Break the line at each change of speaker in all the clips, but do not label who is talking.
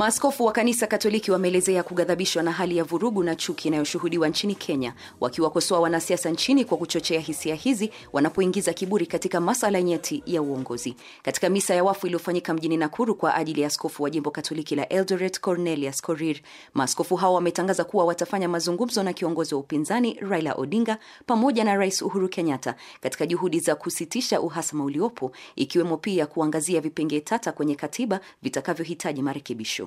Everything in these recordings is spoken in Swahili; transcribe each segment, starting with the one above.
Maaskofu wa kanisa Katoliki wameelezea kugadhabishwa na hali ya vurugu na chuki inayoshuhudiwa nchini Kenya, wakiwakosoa wanasiasa nchini kwa kuchochea hisia hizi wanapoingiza kiburi katika masala nyeti ya uongozi. Katika misa ya wafu iliyofanyika mjini Nakuru kwa ajili ya askofu wa jimbo Katoliki la Eldoret Cornelius Korir, maaskofu hao wametangaza kuwa watafanya mazungumzo na kiongozi wa upinzani Raila Odinga pamoja na Rais Uhuru Kenyatta katika juhudi za kusitisha uhasama uliopo, ikiwemo pia kuangazia vipengee tata kwenye katiba vitakavyohitaji marekebisho.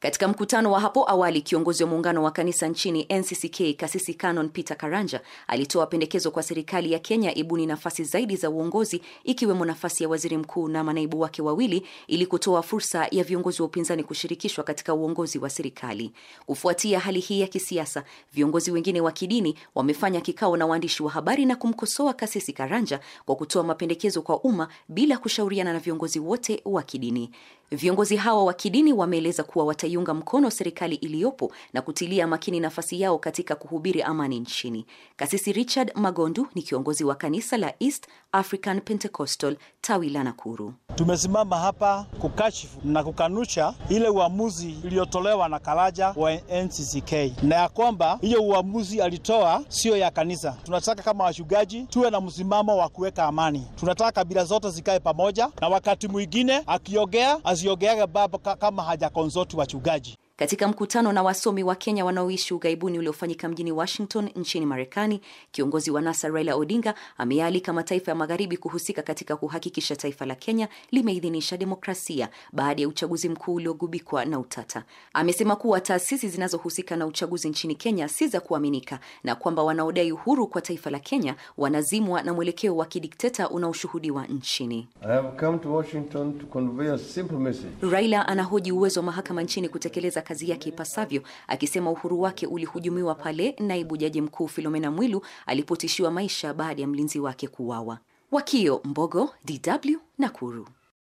Katika mkutano wa hapo awali, kiongozi wa muungano wa kanisa nchini NCCK Kasisi Canon Peter Karanja alitoa pendekezo kwa serikali ya Kenya ibuni nafasi zaidi za uongozi ikiwemo nafasi ya waziri mkuu na manaibu wake wawili ili kutoa fursa ya viongozi wa upinzani kushirikishwa katika uongozi wa serikali. Kufuatia hali hii ya kisiasa, viongozi wengine wa kidini wamefanya kikao na waandishi wa habari na kumkosoa Kasisi Karanja kwa kutoa mapendekezo kwa umma bila kushauriana na viongozi wote wa kidini. Viongozi hawa wa kidini wameeleza kuwa wata wataiunga mkono serikali iliyopo na kutilia makini nafasi yao katika kuhubiri amani nchini. Kasisi Richard Magondu ni kiongozi wa kanisa la East African Pentecostal
tawi la Nakuru. Tumesimama hapa kukashifu na kukanusha ile uamuzi iliyotolewa na karaja wa NCCK na ya kwamba hiyo uamuzi alitoa siyo ya kanisa. Tunataka kama washugaji tuwe na msimamo wa kuweka amani, tunataka kabila zote zikae pamoja, na wakati mwingine akiongea aziongeage baba kama hajakonsoti wachungaji. Ufugaji.
Katika mkutano na wasomi wa Kenya wanaoishi ughaibuni uliofanyika mjini Washington nchini Marekani, kiongozi wa NASA Raila Odinga ameyaalika mataifa ya magharibi kuhusika katika kuhakikisha taifa la Kenya limeidhinisha demokrasia baada ya uchaguzi mkuu uliogubikwa na utata. Amesema kuwa taasisi zinazohusika na uchaguzi nchini Kenya si za kuaminika na kwamba wanaodai uhuru kwa taifa la Kenya wanazimwa na mwelekeo wa kidikteta unaoshuhudiwa nchini. I have come to Washington to convey a simple message. Raila anahoji uwezo wa mahakama nchini kutekeleza kazi yake ipasavyo, akisema uhuru wake ulihujumiwa pale naibu jaji mkuu Filomena Mwilu alipotishiwa maisha baada ya mlinzi wake kuuawa. Wakio Mbogo, DW, Nakuru.